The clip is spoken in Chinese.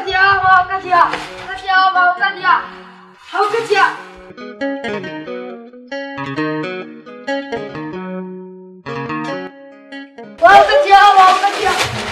大姐，我哥姐，哥姐，我哥姐，好哥姐，我哥姐，我大姐。